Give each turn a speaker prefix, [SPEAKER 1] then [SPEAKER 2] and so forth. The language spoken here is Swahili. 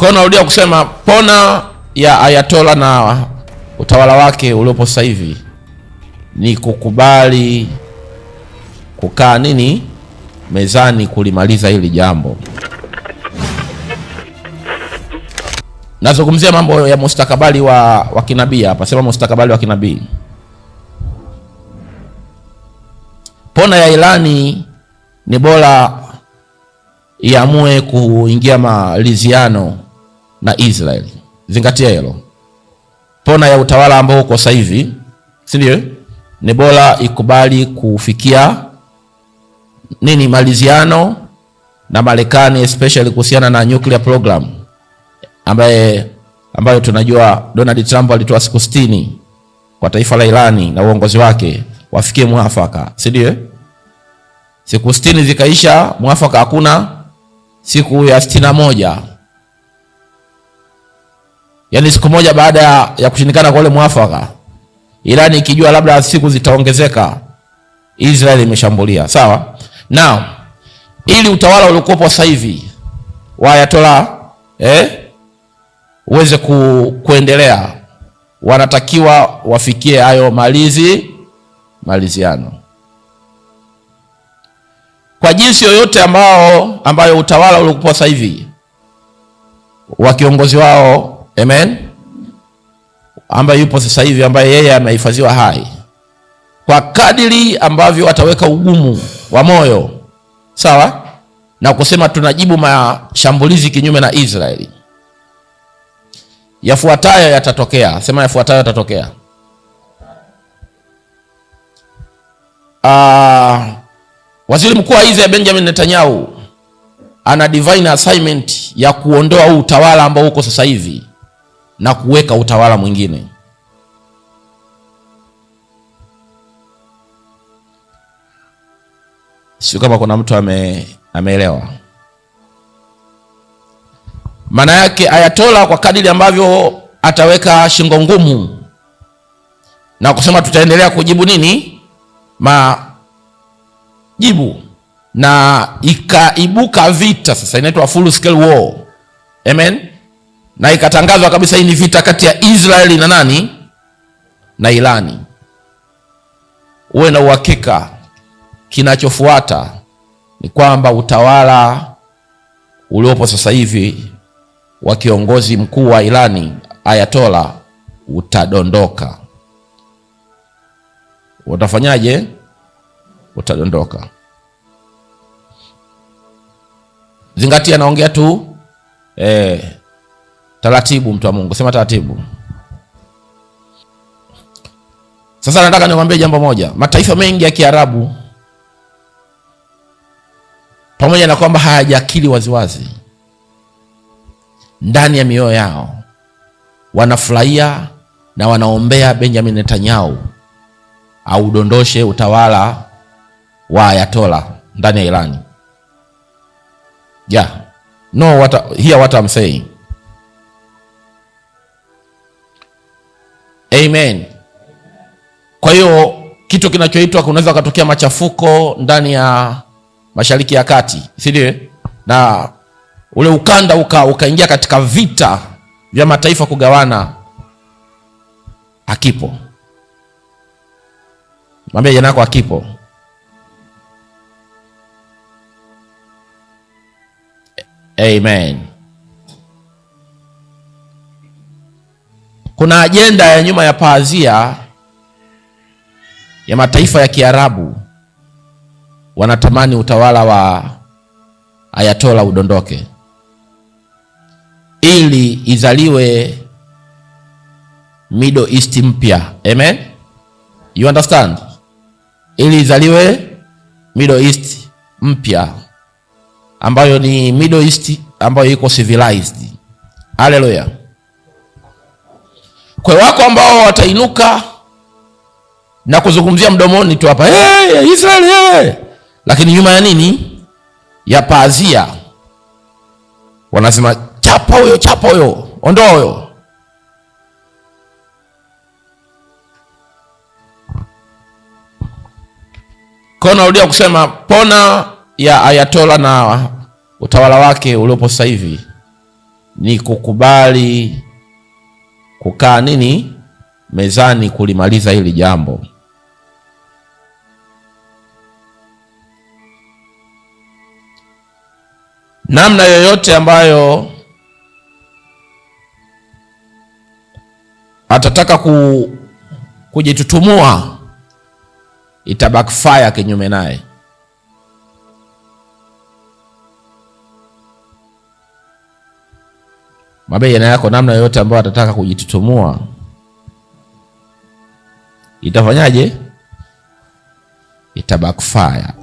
[SPEAKER 1] Kwa hiyo narudia kusema pona ya Ayatola na utawala wake uliopo sasa hivi ni kukubali kukaa nini mezani kulimaliza hili jambo. Nazungumzia mambo ya mustakabali wa, wa kinabii hapa, sema mustakabali wa kinabii. Pona ya Irani ni bora iamue kuingia maliziano na Israeli. Zingatia hilo. Pona ya utawala ambao uko sasa hivi, si ndio? Eh? Ni bora ikubali kufikia nini maliziano na Marekani especially kuhusiana na nuclear program ambaye ambayo tunajua Donald Trump alitoa siku 60 kwa taifa la Irani na uongozi wake wafikie mwafaka, si ndio? Eh? Siku 60 zikaisha, mwafaka hakuna. Siku ya 61 moja yaani siku moja baada ya, ya kushindikana kwa ule mwafaka, Irani ikijua labda siku zitaongezeka, Israeli imeshambulia. Sawa na ili utawala uliokuwepo sasa hivi wa Ayatollah eh, uweze ku, kuendelea, wanatakiwa wafikie hayo malizi maliziano kwa jinsi yoyote ambao ambayo utawala uliokuwa sasa hivi wa kiongozi wao Amen, ambaye yupo sasa hivi, ambaye yeye amehifadhiwa hai. Kwa kadiri ambavyo ataweka ugumu wa moyo, sawa na kusema tunajibu mashambulizi kinyume na Israeli, yafuatayo yatatokea. Sema yafuatayo yatatokea. Uh, waziri mkuu wa Israeli Benjamin Netanyahu ana divine assignment ya kuondoa huu utawala ambao uko sasa hivi na kuweka utawala mwingine. Sio kama kuna mtu ame, ameelewa maana yake Ayatola, kwa kadiri ambavyo ataweka shingo ngumu na kusema tutaendelea kujibu nini majibu, na ikaibuka vita sasa, inaitwa full scale war. Amen na ikatangazwa kabisa hii ni vita kati ya Israeli na nani na Irani. Uwe na uhakika kinachofuata ni kwamba utawala uliopo sasa hivi wa kiongozi mkuu wa Irani Ayatola utadondoka. Utafanyaje? Utadondoka. Zingatia, naongea tu eh, Taratibu, mtu wa Mungu, sema taratibu. Sasa nataka nikwambie jambo moja. Mataifa mengi ya Kiarabu pamoja na kwamba hayajakili waziwazi, ndani ya mioyo yao wanafurahia na wanaombea Benjamin Netanyahu audondoshe utawala wa Ayatola ndani ya Irani. Yeah. No, what, here what I'm saying. Amen. Kwa hiyo kitu kinachoitwa kunaweza kutokea machafuko ndani ya Mashariki ya Kati, si Na ule ukanda uka ukaingia katika vita vya mataifa kugawana, akipo mwambie jana akipo. Amen. Kuna ajenda ya nyuma ya pazia ya mataifa ya Kiarabu, wanatamani utawala wa Ayatola udondoke ili izaliwe Middle East mpya. Amen, you understand? Ili izaliwe Middle East mpya ambayo ni Middle East ambayo iko civilized. Hallelujah. Kwa wako ambao watainuka na kuzungumzia mdomoni tu hapa, hey, Israel hey. Lakini nyuma ya nini? Ya pazia wanasema chapa huyo, chapa huyo, ondoa huyo. Kwa narudia kusema pona ya Ayatola na utawala wake uliopo sasa hivi ni kukubali kukaa nini mezani kulimaliza hili jambo. Namna yoyote ambayo atataka ku, kujitutumua itabackfire kinyume naye. mabeya yako namna yoyote ambayo atataka kujitutumua itafanyaje? backfire.